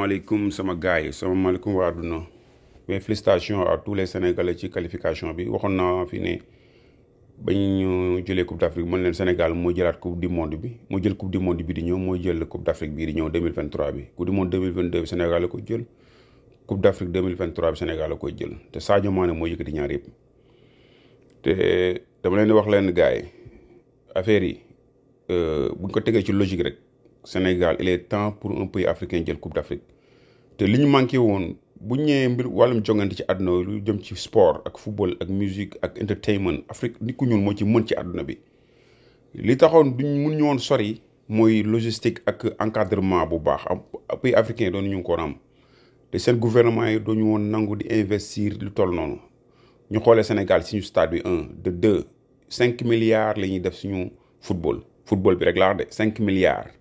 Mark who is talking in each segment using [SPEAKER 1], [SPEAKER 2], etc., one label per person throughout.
[SPEAKER 1] maaleykum sama gars yi sama maaleykum waa àdduna mais félicitations à tous les sénégalais ci qualification bi waxoon naa fi ne bañ ñu jëlee coupe d'Afrique mën leen Sénégal moo jëlaat coupe du monde bi moo jël coupe du monde bi di ñëw moo jël coupe d'Afrique bii di ñëw 2023 bi coupe du monde 2022 bi Sénégal la ko jël coupe d'Afrique 2023 bi Sénégal la ko jël te Sadio Mané moo yëkkati ñaar yëpp te dama leen wax leen gaay yi affaire yi euh, buñ ko tegee ci logique rek. Sénégal il est temps pour un pays africain jël coupe d'Afrique te li ñu manqué woon bu ñëwee mbir wàllum jongante ci àdduna lu jëm ci sport ak football ak musique ak entertainment Afrique nit ku ñuul moo ci mën ci àdduna bi li taxoon duñ mun ñu woon sori mooy logistique ak encadrement bu baax am pays africain doon ñu ngi ko am te seen gouvernement yi dooñu woon nangu di investir lu toll noonu ñu xoolee Sénégal suñu stade bi un de deux cinq milliards la ñuy def suñu football football bi rek laa de cinq milliards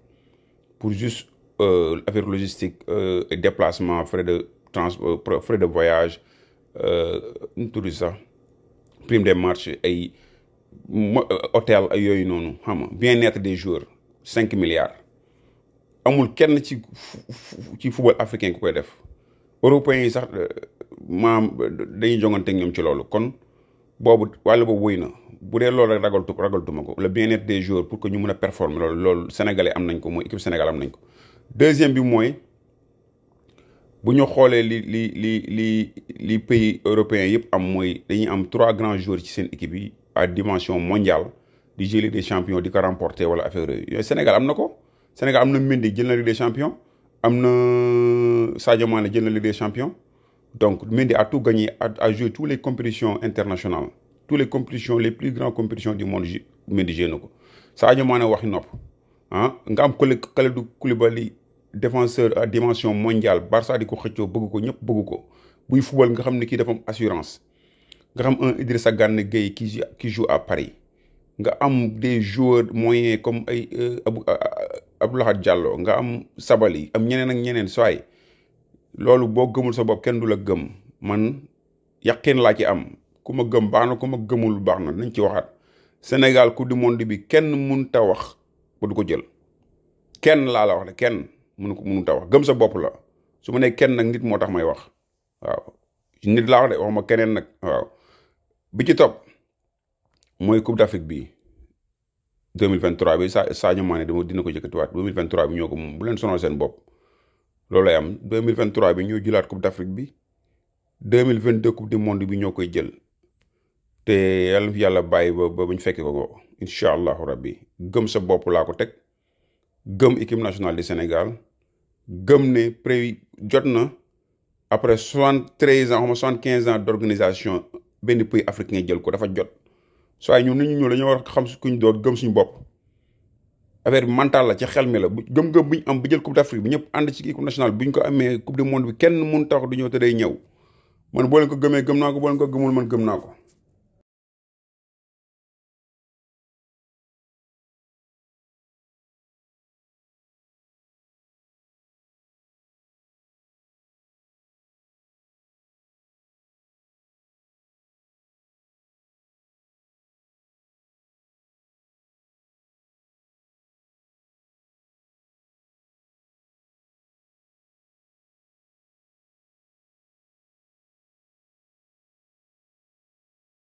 [SPEAKER 1] pour juste euh, affaire logistique euh, déplacement frais de transport euh, frais de voyage nu tudd sax prime de marchés ay hôtel ay yooyu noonu xam bien-être des joueurs cinq milliards amul kenn ci ci football africain ku koy def européens yi sax maam dañuy jongante ñoom ci loolu kon boobu wàll boobu wëy na bu dee lool rek ragaltu ragaltuma ko le bien-être des joueurs pour que ñu mën a performer loolu loolu sénégalais am nañ ko mooy équipe sénégal am nañ ko deuxième bi mooy bu ñu xoolee li li li li li pays européens yëpp am mooy dañuy am trois grands joueurs ci seen équipe yi dimension mondiale di jël des champion di ko remporter wala affaire yooyu sénégal am na ko sénégal am na Mendy jël na Ligue des am na Sadio Mané jël na Ligue des donc Mendy a tout gagné a joué toutes les compétitions tous les compétitions les plus grandes compétitions du monde médigé na ko Sadio Mané waxi nopp ah nga am Kole Kalidou Koulibaly défenseur defenseur dimension mondiale Barça ko xëccoo bëgg ko ñëpp bëgg ko buy fubal nga xam ni kii dafa assurance nga xam un Idrissa Gana Gueye qui qui jour à Paris nga am des joueurs moyens comme ay euh, euh, Abdou Lahad jàlloo nga am Sabali am ñeneen ak ñeneen soay loolu boo gëmul sa bopp kenn du la gëm man yaqeen laa ci am ku ma gëm baax na ku ma gëmul baax na nañ ci waxaat Sénégal coupe di monde bi kenn mun ta wax ba du ko jël kenn laa la wax ne kenn mënu ko mënu ta wax gëm sa bopp la su ma nee kenn nag nit moo tax may wax waaw nit laa wax de wax ma keneen nag waaw bi ci topp mooy coupe d'Afrique bi 2023 bi sa Sadio Mané dama dina ko yëkkatiwaat 2023 bi ñoo ko moom bu leen sonal seen bopp loolu lay am 2023 bi ñoo jëlaat coupe d'Afrique bi 2022 coupe du monde bi ñoo koy jël te yàlla fi yàlla bàyyi ba ba ñu fekkee ko incha allahu rabbi gëm sa bopp laa ko teg gëm équipe nationale di Sénégal gëm ne pré jot na après soixante treize ans xama soixante quinze ans d' organisation benn pays africain jël ko dafa jot soo ay ñun nit ñu ñëw dañoo war xam kuñ door gëm suñu bopp affaire mentale la ci xel mi la bu gëm-gëm bu ñu am bu jël coupe d' afrique bi ñëpp ànd ci équipe nationale bu ñu ko amee coupe du monde bi kenn mun tax du ñëw te day ñëw man boo leen ko gëmee naa ko boo gëmul man gëm naa ko